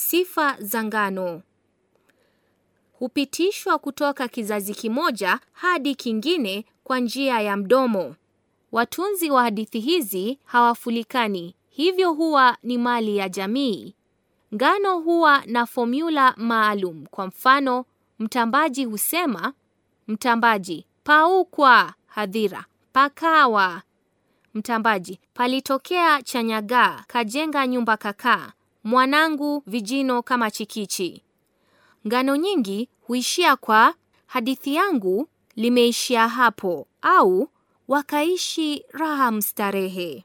Sifa za ngano hupitishwa kutoka kizazi kimoja hadi kingine kwa njia ya mdomo. Watunzi wa hadithi hizi hawafulikani, hivyo huwa ni mali ya jamii. Ngano huwa na fomula maalum. Kwa mfano, mtambaji husema: mtambaji, paukwa hadhira, pakawa. Mtambaji, palitokea chanyagaa, kajenga nyumba kakaa mwanangu vijino kama chikichi. Ngano nyingi huishia kwa hadithi yangu limeishia hapo au wakaishi raha mstarehe.